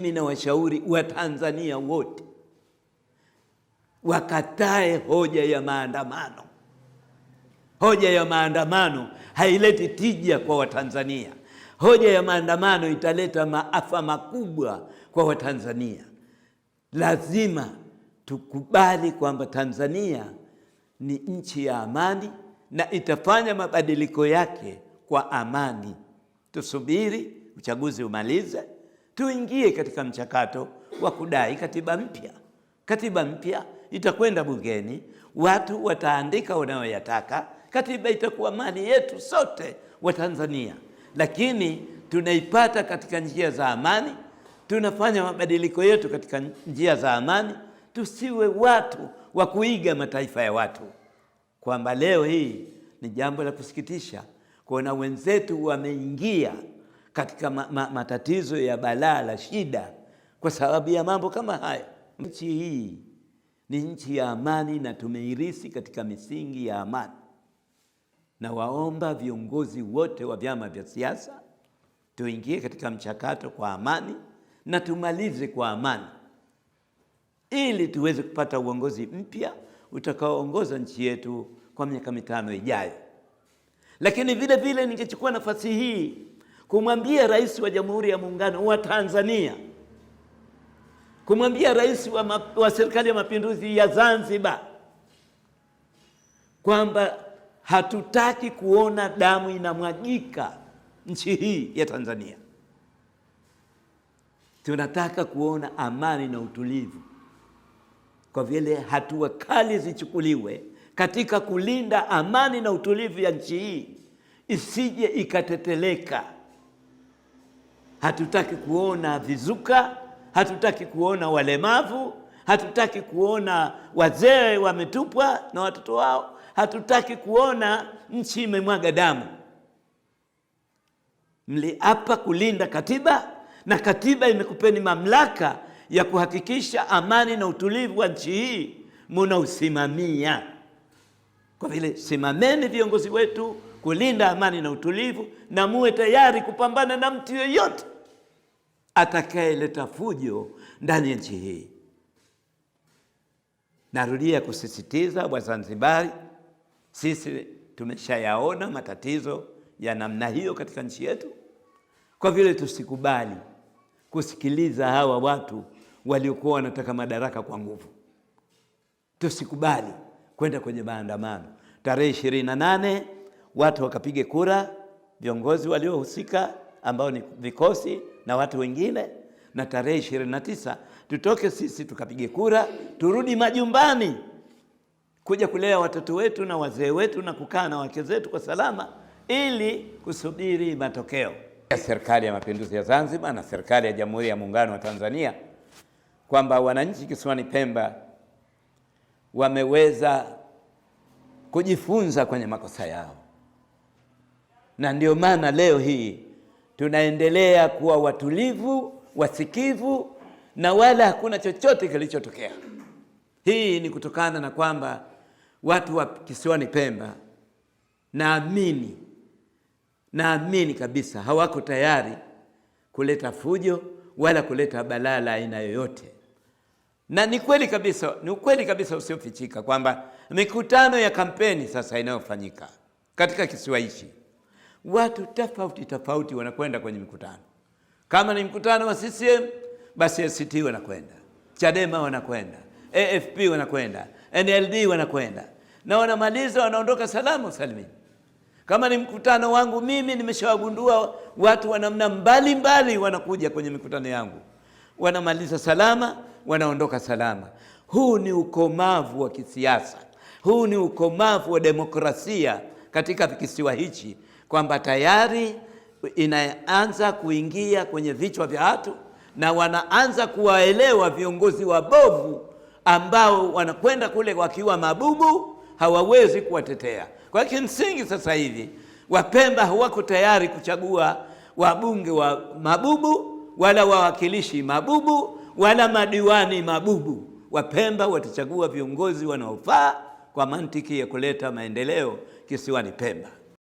Ninawashauri na washauri Watanzania wote wakatae hoja ya maandamano. Hoja ya maandamano haileti tija kwa Watanzania. Hoja ya maandamano italeta maafa makubwa kwa Watanzania. Lazima tukubali kwamba Tanzania ni nchi ya amani na itafanya mabadiliko yake kwa amani. Tusubiri uchaguzi umalize tuingie katika mchakato wa kudai katiba mpya. Katiba mpya itakwenda bungeni, watu wataandika wanayoyataka. Katiba itakuwa mali yetu sote wa Tanzania, lakini tunaipata katika njia za amani. Tunafanya mabadiliko yetu katika njia za amani. Tusiwe watu wa kuiga mataifa ya watu, kwamba leo hii ni jambo la kusikitisha kuona wenzetu wameingia katika ma ma matatizo ya balaa la shida, kwa sababu ya mambo kama haya. Nchi hii ni nchi ya amani na tumeirisi katika misingi ya amani, na waomba viongozi wote wa vyama vya siasa tuingie katika mchakato kwa amani na tumalize kwa amani, ili tuweze kupata uongozi mpya utakaoongoza nchi yetu kwa miaka mitano ijayo. Lakini vile vile ningechukua nafasi hii kumwambia Rais wa Jamhuri ya Muungano wa Tanzania, kumwambia Rais wa, wa Serikali ya Mapinduzi ya Zanzibar kwamba hatutaki kuona damu inamwagika nchi hii ya Tanzania, tunataka kuona amani na utulivu. Kwa vile hatua kali zichukuliwe katika kulinda amani na utulivu ya nchi hii isije ikateteleka hatutaki kuona vizuka, hatutaki kuona walemavu, hatutaki kuona wazee wametupwa na watoto wao, hatutaki kuona nchi imemwaga damu. Mliapa kulinda katiba na katiba imekupeni mamlaka ya kuhakikisha amani na utulivu wa nchi hii munausimamia. Kwa vile simameni viongozi wetu kulinda amani na utulivu, na muwe tayari kupambana na mtu yoyote atakayeleta fujo ndani ya nchi hii. Narudia kusisitiza, Wazanzibari, sisi tumeshayaona matatizo ya namna hiyo katika nchi yetu. Kwa vile tusikubali kusikiliza hawa watu waliokuwa wanataka madaraka kwa nguvu, tusikubali kwenda kwenye maandamano tarehe ishirini na nane watu wakapige kura, viongozi waliohusika ambao ni vikosi na watu wengine, na tarehe ishirini na tisa tutoke sisi tukapige kura, turudi majumbani kuja kulea watoto wetu na wazee wetu na kukaa na wake zetu kwa salama, ili kusubiri matokeo ya Serikali ya Mapinduzi ya Zanzibar na Serikali ya Jamhuri ya Muungano wa Tanzania, kwamba wananchi kisiwani Pemba wameweza kujifunza kwenye makosa yao na ndio maana leo hii tunaendelea kuwa watulivu, wasikivu na wala hakuna chochote kilichotokea. Hii ni kutokana na kwamba watu wa kisiwani Pemba, naamini naamini kabisa hawako tayari kuleta fujo wala kuleta balaa la aina yoyote, na ni kweli kabisa, ni ukweli kabisa usiofichika kwamba mikutano ya kampeni sasa inayofanyika katika kisiwa hichi Watu tofauti tofauti wanakwenda kwenye mikutano. Kama ni mkutano wa CCM basi ACT wanakwenda, Chadema wanakwenda, AFP wanakwenda, NLD wanakwenda na wanamaliza, wanaondoka salama usalimini Kama ni mkutano wangu mimi, nimeshawagundua watu wa namna mbalimbali wanakuja kwenye mikutano yangu, wanamaliza salama, wanaondoka salama. Huu ni ukomavu wa kisiasa, huu ni ukomavu wa demokrasia katika kisiwa hichi kwamba tayari inaanza kuingia kwenye vichwa vya watu na wanaanza kuwaelewa viongozi wabovu ambao wanakwenda kule wakiwa mabubu, hawawezi kuwatetea. Kwa kimsingi, sasa hivi Wapemba hawako tayari kuchagua wabunge wa mabubu wala wawakilishi mabubu wala madiwani mabubu. Wapemba watachagua viongozi wanaofaa kwa mantiki ya kuleta maendeleo kisiwani Pemba.